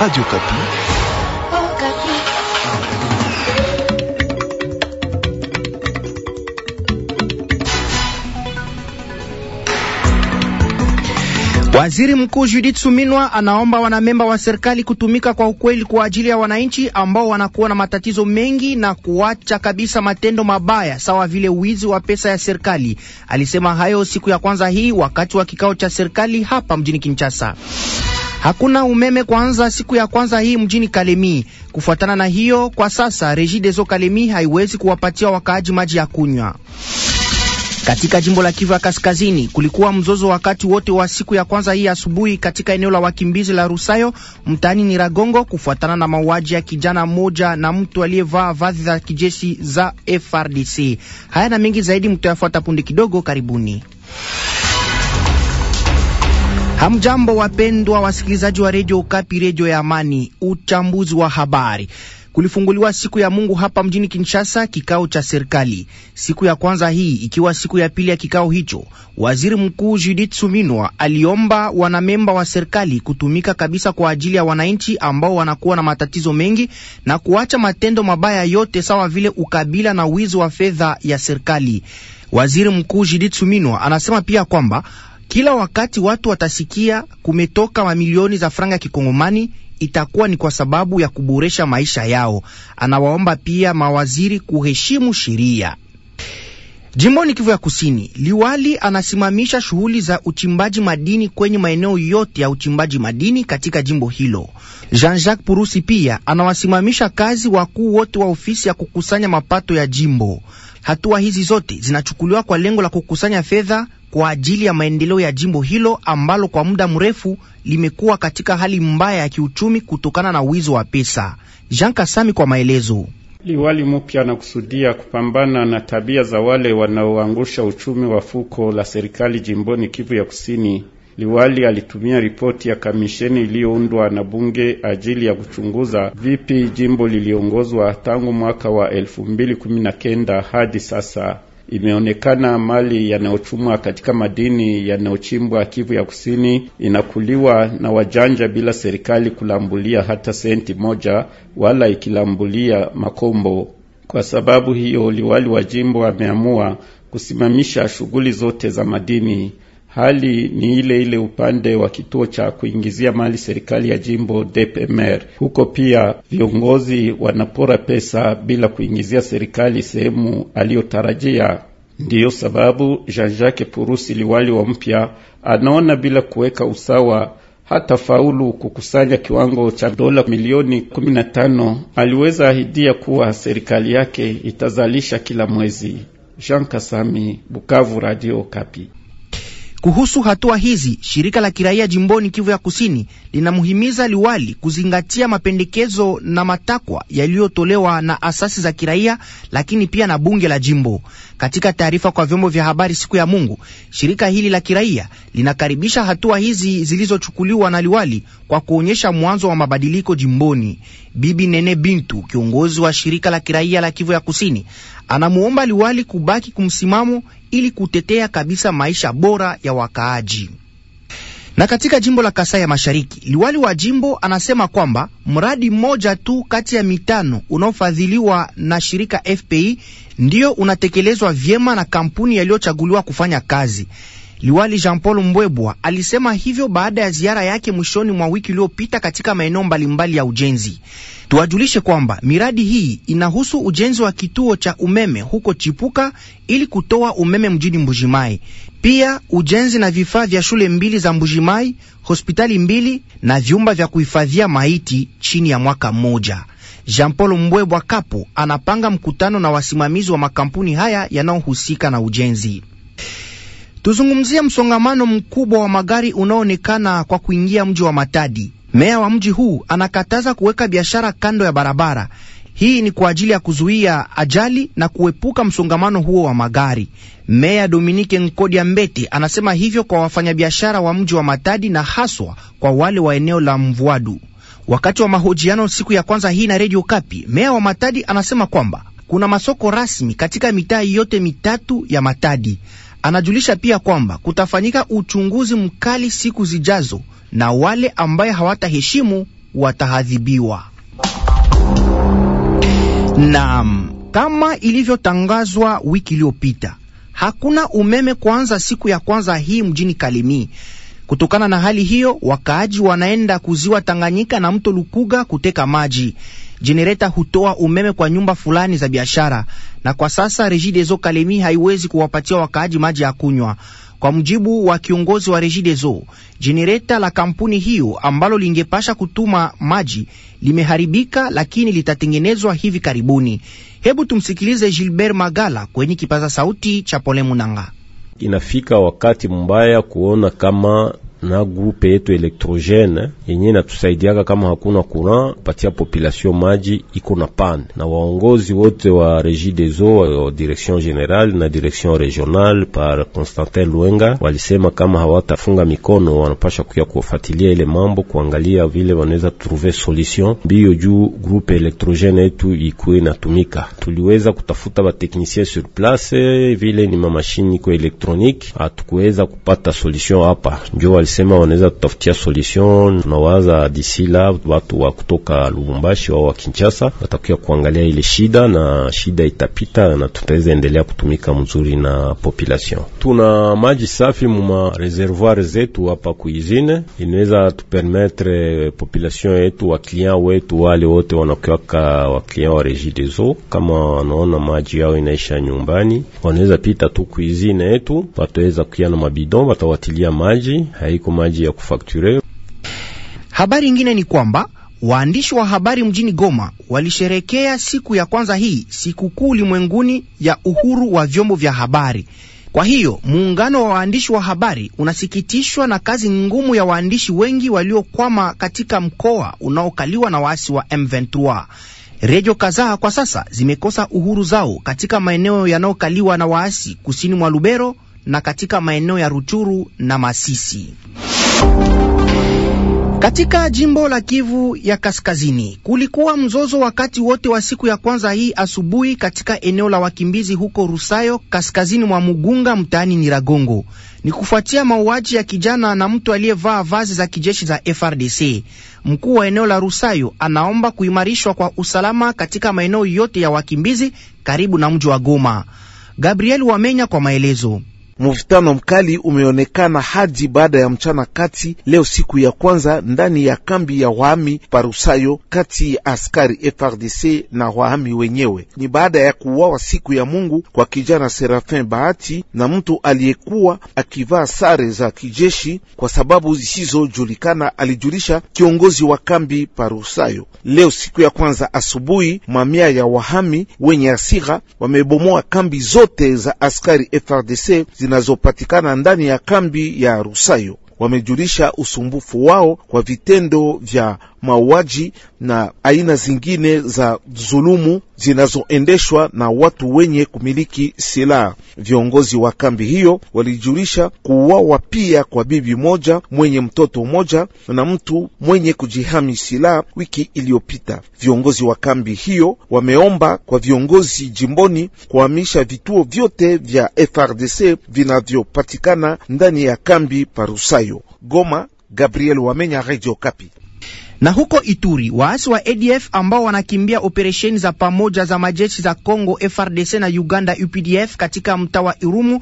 Radio Kapi. Oh, Kapi. Waziri Mkuu Judith Suminwa anaomba wanamemba wa serikali kutumika kwa ukweli kwa ajili ya wananchi ambao wanakuwa na matatizo mengi na kuacha kabisa matendo mabaya sawa vile wizi wa pesa ya serikali. Alisema hayo siku ya kwanza hii wakati wa kikao cha serikali hapa mjini Kinshasa. Hakuna umeme kwanza siku ya kwanza hii mjini Kalemi. Kufuatana na hiyo, kwa sasa Regideso Kalemi haiwezi kuwapatia wakaaji maji ya kunywa. Katika jimbo la Kivu ya Kaskazini kulikuwa mzozo wakati wote wa siku ya kwanza hii asubuhi katika eneo la wakimbizi la Rusayo mtaani Niragongo kufuatana na mauaji ya kijana mmoja na mtu aliyevaa vazi za kijeshi za FRDC. Haya na mengi zaidi mtayafuata punde kidogo, karibuni. Hamjambo, wapendwa wasikilizaji wa redio Ukapi, redio ya amani. Uchambuzi wa habari kulifunguliwa siku ya Mungu hapa mjini Kinshasa kikao cha serikali, siku ya kwanza hii ikiwa siku ya pili ya kikao hicho. Waziri Mkuu Judith Suminwa aliomba wanamemba wa serikali kutumika kabisa kwa ajili ya wananchi ambao wanakuwa na matatizo mengi na kuacha matendo mabaya yote sawa vile ukabila na wizi wa fedha ya serikali. Waziri Mkuu Judith Suminwa anasema pia kwamba kila wakati watu watasikia kumetoka mamilioni za franga ya kikongomani itakuwa ni kwa sababu ya kuboresha maisha yao. Anawaomba pia mawaziri kuheshimu sheria. Jimboni Kivu ya Kusini, liwali anasimamisha shughuli za uchimbaji madini kwenye maeneo yote ya uchimbaji madini katika jimbo hilo. Jean-Jacques Purusi pia anawasimamisha kazi wakuu wote wa ofisi ya kukusanya mapato ya jimbo. Hatua hizi zote zinachukuliwa kwa lengo la kukusanya fedha kwa ajili ya maendeleo ya jimbo hilo ambalo kwa muda mrefu limekuwa katika hali mbaya ya kiuchumi kutokana na wizo wa pesa. Jean Kasami kwa maelezo. Liwali mpya anakusudia kupambana na tabia za wale wanaoangusha uchumi wa fuko la serikali jimboni Kivu ya Kusini. Liwali alitumia ripoti ya kamisheni iliyoundwa na bunge ajili ya kuchunguza vipi jimbo liliongozwa tangu mwaka wa elfu mbili kenda hadi sasa. Imeonekana mali yanayochumwa katika madini yanayochimbwa Kivu ya Kusini inakuliwa na wajanja bila serikali kulambulia hata senti moja, wala ikilambulia makombo. Kwa sababu hiyo, liwali wa jimbo ameamua kusimamisha shughuli zote za madini. Hali ni ile ile upande wa kituo cha kuingizia mali serikali ya jimbo DPMR. Huko pia viongozi wanapora pesa bila kuingizia serikali sehemu aliyotarajia. Ndiyo sababu Jean-Jacques Purusi, liwali wa mpya, anaona bila kuweka usawa hata faulu kukusanya kiwango cha dola milioni 15 aliweza ahidia kuwa serikali yake itazalisha kila mwezi. Jean Kasami, Bukavu, Radio Kapi. Kuhusu hatua hizi, shirika la kiraia jimboni Kivu ya Kusini linamhimiza liwali kuzingatia mapendekezo na matakwa yaliyotolewa na asasi za kiraia, lakini pia na bunge la jimbo. Katika taarifa kwa vyombo vya habari siku ya Mungu, shirika hili la kiraia linakaribisha hatua hizi zilizochukuliwa na liwali kwa kuonyesha mwanzo wa mabadiliko jimboni. Bibi Nene Bintu, kiongozi wa shirika la kiraia la Kivu ya Kusini, anamuomba liwali kubaki kumsimamo ili kutetea kabisa maisha bora ya wakaaji. Na katika jimbo la Kasai ya Mashariki, liwali wa jimbo anasema kwamba mradi mmoja tu kati ya mitano unaofadhiliwa na shirika FPI ndiyo unatekelezwa vyema na kampuni yaliyochaguliwa kufanya kazi. Liwali Jean Paul Mbwebwa alisema hivyo baada ya ziara yake mwishoni mwa wiki iliyopita katika maeneo mbalimbali ya ujenzi. Tuwajulishe kwamba miradi hii inahusu ujenzi wa kituo cha umeme huko Chipuka ili kutoa umeme mjini Mbujimai, pia ujenzi na vifaa vya shule mbili za Mbujimai, hospitali mbili na vyumba vya kuhifadhia maiti chini ya mwaka mmoja. Jean Paul Mbwebwa Kapo anapanga mkutano na wasimamizi wa makampuni haya yanayohusika na ujenzi. Tuzungumzie msongamano mkubwa wa magari unaoonekana kwa kuingia mji wa Matadi. Meya wa mji huu anakataza kuweka biashara kando ya barabara. Hii ni kwa ajili ya kuzuia ajali na kuepuka msongamano huo wa magari. Meya Dominike Nkodia Mbete anasema hivyo kwa wafanyabiashara wa mji wa Matadi na haswa kwa wale wa eneo la Mvwadu. Wakati wa mahojiano siku ya kwanza hii na Redio Kapi, meya wa Matadi anasema kwamba kuna masoko rasmi katika mitaa yote mitatu ya Matadi. Anajulisha pia kwamba kutafanyika uchunguzi mkali siku zijazo na wale ambaye hawataheshimu wataadhibiwa. Naam, kama ilivyotangazwa wiki iliyopita, hakuna umeme kuanza siku ya kwanza hii mjini kalimi Kutokana na hali hiyo, wakaaji wanaenda kuziwa Tanganyika na mto Lukuga kuteka maji jenereta hutoa umeme kwa nyumba fulani za biashara, na kwa sasa Regideso Kalemi haiwezi kuwapatia wakaaji maji ya kunywa. Kwa mujibu wa kiongozi wa Regideso, jenereta la kampuni hiyo ambalo lingepasha kutuma maji limeharibika, lakini litatengenezwa hivi karibuni. Hebu tumsikilize Gilbert Magala kwenye kipaza sauti cha Pole Munanga. Inafika wakati mbaya kuona kama na grupe yetu elektrogene eh, yenye natusaidiaka kama hakuna kuran kupatia population maji iko na pane, na waongozi wote wa Regie des Eaux wa direction generale na direction regionale par Constantin Luenga walisema kama hawatafunga mikono, wanapasha kuya kufuatilia ile mambo, kuangalia vile wanaweza trouver solution mbio juu groupe elektrogene yetu ikuwe natumika. Tuliweza kutafuta bateknisie sur place, eh, vile ni mamashini iko elektronike hatukuweza kupata solution hapa, njo walisema wanasema wanaweza tutafutia solution. Tunawaza disi la watu wa kutoka Lubumbashi au wa Kinshasa watakuya kuangalia ile shida, na shida itapita na tutaweza endelea kutumika mzuri na population. Tuna maji safi muma reservoir zetu hapa kuizine, inaweza tupermetre population yetu wa client wetu wale wote wanakiwaka wa client wa Regie des Eaux, kama wanaona maji yao inaisha nyumbani, wanaweza pita tu kuizine yetu, wataweza kuya na mabidon, watawatilia maji hai haiko maji ya kufakture. Habari ingine ni kwamba waandishi wa habari mjini Goma walisherekea siku ya kwanza hii sikukuu ulimwenguni ya uhuru wa vyombo vya habari. Kwa hiyo muungano wa waandishi wa habari unasikitishwa na kazi ngumu ya waandishi wengi waliokwama katika mkoa unaokaliwa na waasi wa M23. Redio kadhaa kwa sasa zimekosa uhuru zao katika maeneo yanayokaliwa na waasi kusini mwa Lubero, na katika maeneo ya Ruchuru na Masisi. Katika jimbo la Kivu ya Kaskazini kulikuwa mzozo wakati wote wa siku ya kwanza hii asubuhi katika eneo la wakimbizi huko Rusayo, kaskazini mwa Mugunga, mtaani Niragongo. Ni kufuatia mauaji ya kijana na mtu aliyevaa vazi za kijeshi za FRDC. Mkuu wa eneo la Rusayo anaomba kuimarishwa kwa usalama katika maeneo yote ya wakimbizi karibu na mji wa Goma. Gabriel Wamenya kwa maelezo. Mvutano mkali umeonekana hadi baada ya mchana kati leo siku ya kwanza ndani ya kambi ya wahami Parusayo kati ya askari FRDC na wahami wenyewe. Ni baada ya kuuawa siku ya Mungu kwa kijana Serafin Bahati na mtu aliyekuwa akivaa sare za kijeshi kwa sababu zisizojulikana, alijulisha kiongozi wa kambi Parusayo. Leo siku ya kwanza asubuhi, mamia ya wahami wenye asira wamebomoa kambi zote za askari FRDC zinazopatikana ndani ya kambi ya Rusayo. Wamejulisha usumbufu wao kwa vitendo vya mauaji na aina zingine za dhulumu zinazoendeshwa na watu wenye kumiliki silaha. Viongozi wa kambi hiyo walijulisha kuuawa pia kwa bibi moja mwenye mtoto moja na mtu mwenye kujihami silaha wiki iliyopita. Viongozi wa kambi hiyo wameomba kwa viongozi jimboni kuhamisha vituo vyote vya FRDC vinavyopatikana ndani ya kambi Parusayo. Goma, Gabriel Wamenya, Radio Kapi. Na huko Ituri, waasi wa ADF ambao wanakimbia operesheni za pamoja za majeshi za Congo FRDC na Uganda UPDF katika mtaa wa Irumu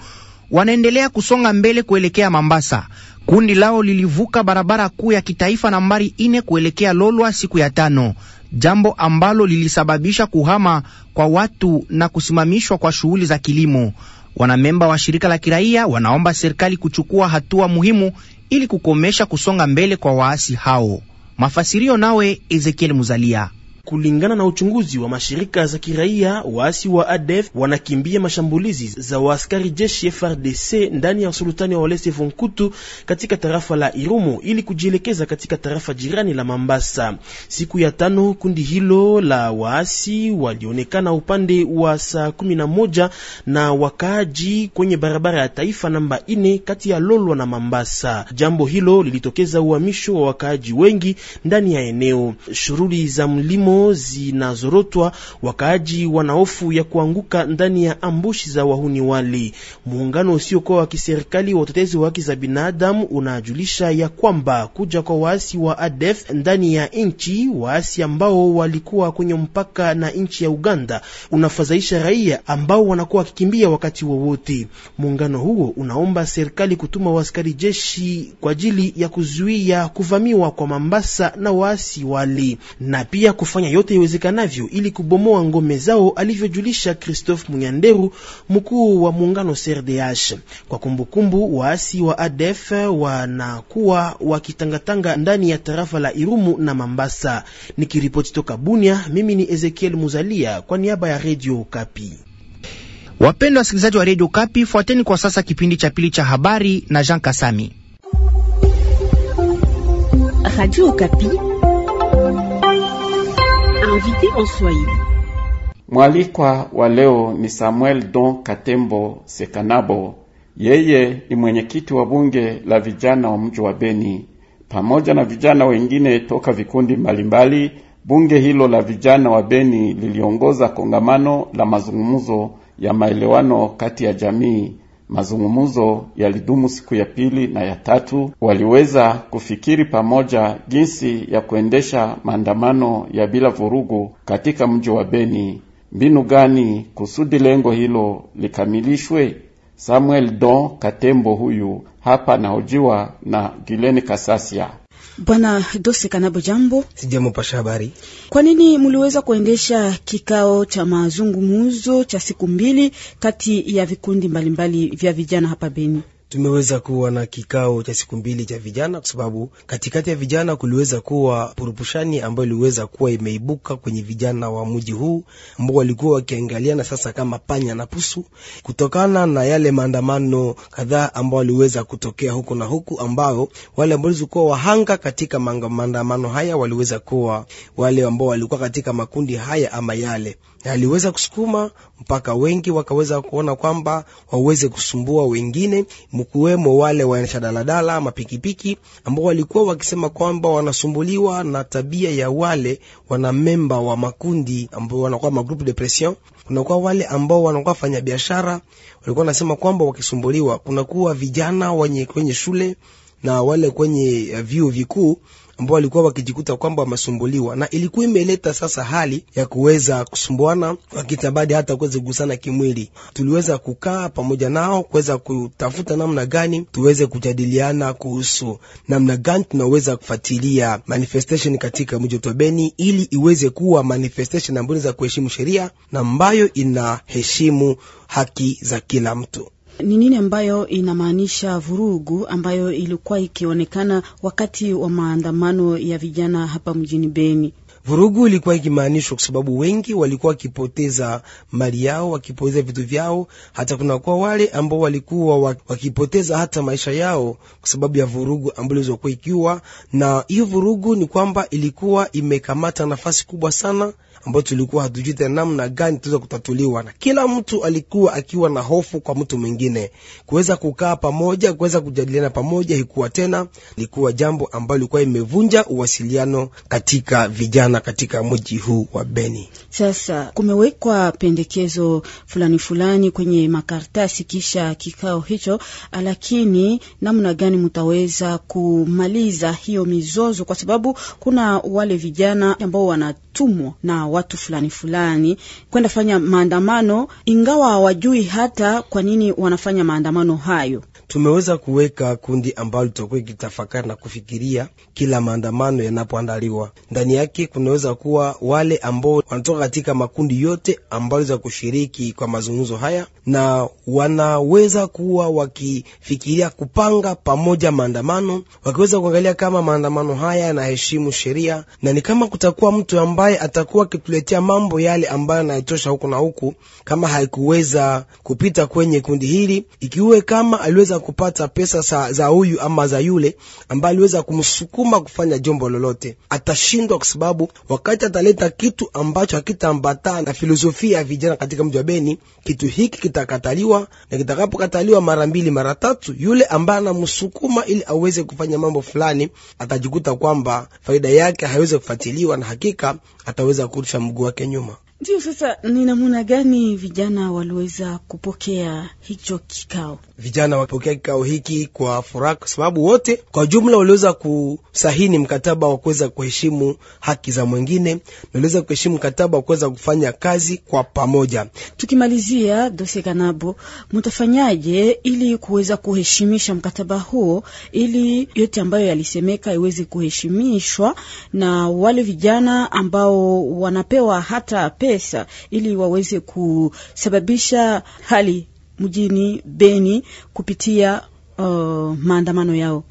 wanaendelea kusonga mbele kuelekea Mambasa. Kundi lao lilivuka barabara kuu ya kitaifa nambari ine kuelekea Lolwa siku ya tano, jambo ambalo lilisababisha kuhama kwa watu na kusimamishwa kwa shughuli za kilimo. Wanamemba wa shirika la kiraia wanaomba serikali kuchukua hatua muhimu ili kukomesha kusonga mbele kwa waasi hao. Mafasirio nawe Ezekiel Muzalia. Kulingana na uchunguzi wa mashirika za kiraia, waasi wa ADF wanakimbia mashambulizi za waaskari jeshi FRDC ndani ya usultani wa Walese Vonkutu katika tarafa la Irumu ili kujielekeza katika tarafa jirani la Mambasa. Siku ya tano, kundi hilo la waasi walionekana upande wa saa kumi na moja na wakaaji kwenye barabara ya taifa namba ine kati ya Lolwa na Mambasa. Jambo hilo lilitokeza uhamisho wa wakaaji wengi ndani ya eneo. Shughuli za mlimo zinazorotwa, wakaaji wanaofu ya kuanguka ndani ya ambushi za wahuni wale. Muungano usiokuwa wa kiserikali wa utetezi wa haki za binadamu unajulisha ya kwamba kuja kwa waasi wa ADF ndani ya nchi, waasi ambao walikuwa kwenye mpaka na nchi ya Uganda, unafadhaisha raia ambao wanakuwa wakikimbia wakati wowote. Muungano huo unaomba serikali kutuma waskari jeshi kwa ajili ya kuzuia kuvamiwa kwa Mambasa na waasi wale na pia kufanya kufanya yote iwezekanavyo ili kubomoa ngome zao, alivyojulisha Christophe Munyanderu, mkuu wa muungano CRDH. Kwa kumbukumbu, waasi wa ADF wanakuwa wakitangatanga ndani ya tarafa la Irumu na Mambasa. Nikiripoti toka Bunia, mimi ni Ezekiel Muzalia kwa niaba ya redio Kapi. Wapendwa wasikilizaji wa Redio Kapi, fuateni kwa sasa kipindi cha pili cha habari na Jean Kasami. Radio Kapi invité en Swahili. Mwalikwa wa leo ni Samuel Don Katembo Sekanabo. Yeye ni mwenyekiti wa bunge la vijana wa mji wa Beni pamoja na vijana wengine toka vikundi mbalimbali. Bunge hilo la vijana wa Beni liliongoza kongamano la mazungumzo ya maelewano kati ya jamii Mazungumzo yalidumu siku ya pili na ya tatu. Waliweza kufikiri pamoja jinsi ya kuendesha maandamano ya bila vurugu katika mji wa Beni, mbinu gani kusudi lengo hilo likamilishwe. Samuel Don Katembo huyu hapa anahojiwa na Gilene Kasasia. Bwana dose Kanabo, jambo. Sijambo, pasha habari. Kwa nini mliweza kuendesha kikao cha mazungumzo cha siku mbili kati ya vikundi mbalimbali mbali vya vijana hapa Beni? tumeweza kuwa na kikao cha siku mbili cha vijana, kwa sababu katikati ya vijana kuliweza kuwa purupushani ambayo iliweza kuwa imeibuka kwenye vijana wa mji huu ambao walikuwa wakiangaliana sasa kama panya na pusu, kutokana na yale maandamano kadhaa ambao waliweza kutokea huku na huku, ambao wale ambao walikuwa wahanga katika maandamano haya waliweza kuwa wale ambao walikuwa katika makundi haya ama yale aliweza kusukuma mpaka wengi wakaweza kuona kwamba waweze kusumbua wengine, mkiwemo wale waendesha daladala, mapikipiki ambao walikuwa wakisema kwamba wanasumbuliwa na tabia ya wale wanamemba wa makundi ambao wanakuwa magroup depression. Kunakuwa wale ambao wanakuwa fanya biashara, walikuwa wanasema kwamba wakisumbuliwa. Kunakuwa vijana wenye kwenye shule na wale kwenye eh, vyuo vikuu ambao walikuwa wakijikuta kwamba wamesumbuliwa, na ilikuwa imeleta sasa hali ya kuweza kusumbuana wakitabadi hata kuweza kugusana kimwili. Tuliweza kukaa pamoja nao kuweza kutafuta namna gani tuweze kujadiliana kuhusu namna gani tunaweza kufuatilia manifestation katika mji wa Beni ili iweze kuwa manifestation ambayo za kuheshimu sheria na ambayo inaheshimu haki za kila mtu. Ni nini ambayo inamaanisha vurugu ambayo ilikuwa ikionekana wakati wa maandamano ya vijana hapa mjini Beni? Vurugu ilikuwa ikimaanishwa kwa sababu wengi walikuwa wakipoteza mali yao, wakipoteza vitu vyao, hata kuna kwa wale ambao walikuwa wakipoteza hata maisha yao kwa sababu ya vurugu ambayo ilizokuwa ikiwa. Na hiyo vurugu ni kwamba ilikuwa imekamata nafasi kubwa sana ambayo tulikuwa hatujui tena namna gani tuweza kutatuliwa, na kila mtu alikuwa akiwa na hofu kwa mtu mwingine. Kuweza kukaa pamoja, kuweza kujadiliana pamoja, ikuwa tena ilikuwa jambo ambalo ilikuwa imevunja uwasiliano katika vijana sana katika mji huu wa Beni. Sasa kumewekwa pendekezo fulani fulani kwenye makaratasi kisha kikao hicho, lakini namna gani mtaweza kumaliza hiyo mizozo? Kwa sababu kuna wale vijana ambao wanatumwa na watu fulani fulani kwenda fanya maandamano, ingawa hawajui hata kwa nini wanafanya maandamano hayo tumeweza kuweka kundi ambalo litakuwa ikitafakari na kufikiria kila maandamano yanapoandaliwa. Ndani yake kunaweza kuwa wale ambao wanatoka katika makundi yote ambayo za kushiriki kwa mazungumzo haya, na wanaweza kuwa wakifikiria kupanga pamoja maandamano, wakiweza kuangalia kama maandamano haya yanaheshimu sheria, na ni kama kutakuwa mtu ambaye atakuwa akituletea mambo yale ambayo anayetosha huku na huku, kama haikuweza kupita kwenye kundi hili, ikiwe kama aliweza kupata pesa sa, za huyu ama za yule ambaye aliweza kumsukuma kufanya jambo lolote. Atashindwa kwa sababu wakati ataleta kitu ambacho hakitaambatana na filosofia ya vijana katika mji wa Beni, kitu hiki kitakataliwa, na kitakapokataliwa mara mbili mara tatu, yule ambaye anamsukuma ili aweze kufanya mambo fulani atajikuta kwamba faida yake haiwezi kufuatiliwa, na hakika ataweza kurusha mguu wake nyuma. Ndio, sasa ni namuna gani vijana waliweza kupokea hicho kikao? Vijana wapokea kikao hiki kwa furaha, kwa sababu wote kwa jumla waliweza kusahini mkataba wa kuweza kuheshimu haki za mwingine, waliweza kuheshimu mkataba wa kuweza kufanya kazi kwa pamoja. Tukimalizia Dose Kanabo, mtafanyaje ili kuweza kuheshimisha mkataba huo, ili yote ambayo yalisemeka iweze kuheshimishwa na wale vijana ambao wanapewa hata pesa ili waweze kusababisha hali mjini Beni kupitia uh, maandamano yao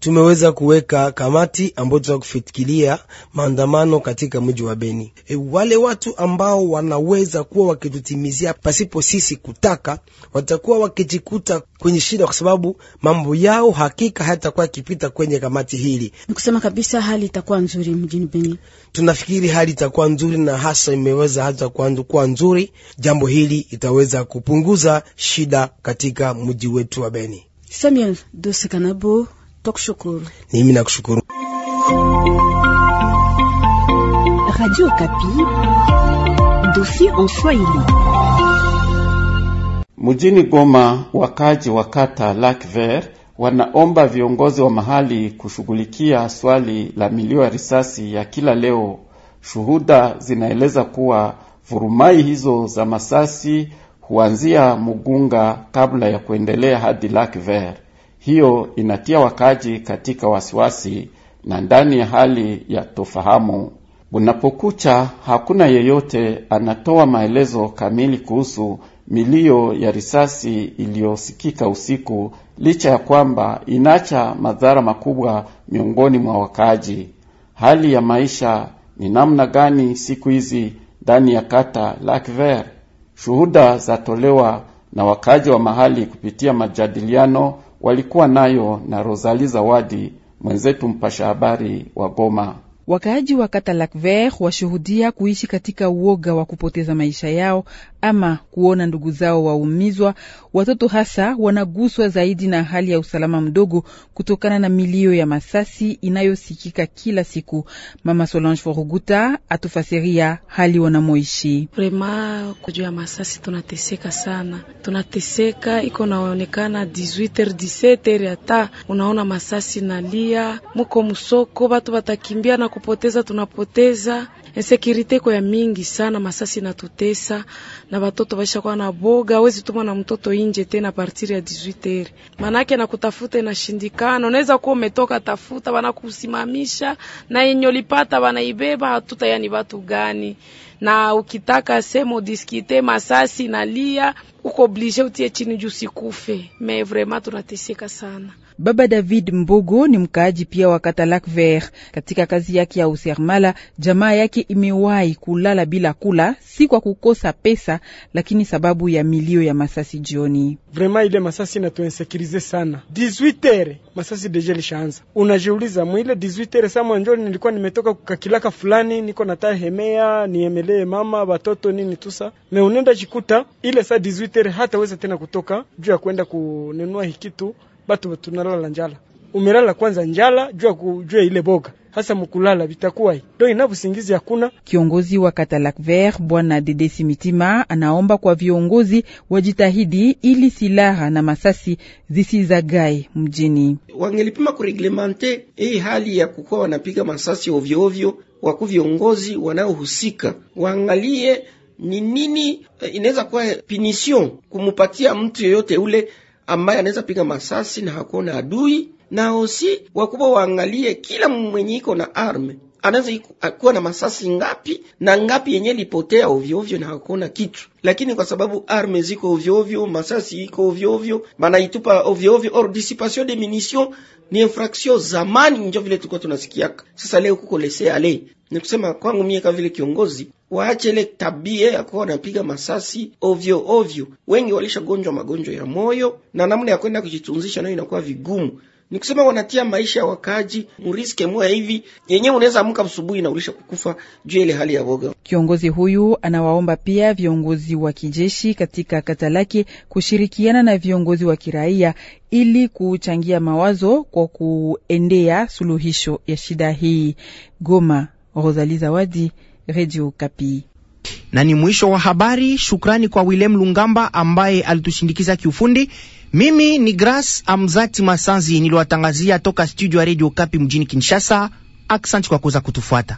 tumeweza kuweka kamati ambayo tunaweza kufuatilia maandamano katika mji wa Beni. E, wale watu ambao wanaweza kuwa wakitutimizia pasipo sisi kutaka, watakuwa wakijikuta kwenye shida, kwa sababu mambo yao hakika hayatakuwa yakipita kwenye kamati hili. Nikusema kabisa, hali itakuwa nzuri mjini Beni. Tunafikiri hali itakuwa nzuri na hasa imeweza hata kuwa nzuri. Jambo hili itaweza kupunguza shida katika mji wetu wa Beni. Samuel Dose Kanabo Tukushukuru. Mimi nakushukuru. Radio dossier en Swahili. Mjini Goma, wakaji wa kata Lac Vert wanaomba viongozi wa mahali kushughulikia swali la milio ya risasi ya kila leo. Shuhuda zinaeleza kuwa vurumai hizo za masasi huanzia Mugunga kabla ya kuendelea hadi Lac Vert. Hiyo inatia wakaaji katika wasiwasi na ndani ya hali ya tofahamu. Unapokucha, hakuna yeyote anatoa maelezo kamili kuhusu milio ya risasi iliyosikika usiku, licha ya kwamba inaacha madhara makubwa miongoni mwa wakaaji. Hali ya maisha ni namna gani siku hizi ndani ya kata Lac Vert? Shuhuda zatolewa na wakaaji wa mahali kupitia majadiliano walikuwa nayo na Rosali Zawadi, mwenzetu mpasha habari wa Goma. Wakaaji wa kata Lac Vert washuhudia kuishi katika uoga wa kupoteza maisha yao ama kuona ndugu zao waumizwa. Watoto hasa wanaguswa zaidi na hali ya usalama mdogo kutokana na milio ya masasi inayosikika kila siku. Mama Solange Foruguta atufasiria hali wanamoishi. Vrema kujua ya masasi tunateseka sana, tunateseka iko naonekana 18h 17h, hata unaona masasi nalia, muko musoko, batu batakimbia na kupoteza tunapoteza, insekurite iko ya mingi sana, masasi natutesa na batoto baisha kwa na boga, wezi tuma na mtoto inje tena partir ya 18h, manake na kutafuta na inashindikana. Unaweza kuwa umetoka tafuta, wanakusimamisha na yenye ulipata wanaibeba, hatuta yani watu gani? Na ukitaka semo diskite masasi na lia, uko oblige utie chini juu sikufe. Mais vraiment tunateseka sana. Baba David Mbogo ni mkaaji pia wa Katalak Ver. Katika kazi yake ya usermala, jamaa yake imewahi kulala bila kula, si kwa kukosa pesa, lakini sababu ya milio ya masasi jioni. Vrema ile masasi inatuinsekirize sana. 18h masasi deja lishaanza, unajiuliza mwile 18h saa mwanjoni, nilikuwa nimetoka kukakilaka fulani, niko nataa hemea niemelee mama watoto nini tusa me unenda jikuta ile saa 18h hataweza tena kutoka juu ya kwenda kununua hikitu batu tunalala njala. Umelala kwanza njala, jua kujua ile boga hasa mukulala bitakuwa do inavusingizi hakuna. Kiongozi wa Katalak Vert bwana Dedesi Mitima anaomba kwa viongozi wajitahidi ili silaha na masasi zisizagae mjini. Wangelipima kureglemente hii hali ya kukuwa wanapiga masasi ovyoovyo. Waku viongozi wanaohusika waangalie ni nini eh, inaweza kuwa pinisyon kumupatia mtu yoyote ule ambaye anaweza piga masasi na hakuona adui, na osi wakubwa waangalie kila mwenye iko na arme anaweza kuwa na masasi ngapi na ngapi yenye lipotea ovyoovyo na hakuna kitu, lakini kwa sababu arme ziko ovyoovyo, masasi iko ovyoovyo, ovyo, banaitupa ovyoovyo, Or dissipation de munition ni infraction zamani, njo vile tulikuwa tunasikiaka. Sasa leo kuko lese ale, ni kusema kwangu mie kama vile kiongozi, waache ile tabia ya kuwa wanapiga masasi ovyo ovyo. Wengi walishagonjwa magonjwa ya moyo na namna ya kwenda kujitunzisha nayo inakuwa vigumu kusema wanatia maisha ya wakaaji muriske moya hivi yenyewe, unaweza amka asubuhi na ulisha kukufa juu ile hali ya woga. Kiongozi huyu anawaomba pia viongozi wa kijeshi katika kata lake kushirikiana na viongozi wa kiraia ili kuchangia mawazo kwa kuendea suluhisho ya shida hii. Goma, Rosalie Zawadi, Radio Kapi. Na ni mwisho wa habari. Shukrani kwa Willem Lungamba ambaye alitushindikiza kiufundi. Mimi ni Grace Amzati Masanzi niliwatangazia toka studio ya Radio Kapi mjini Kinshasa. Aksanti kwa kuweza kutufuata.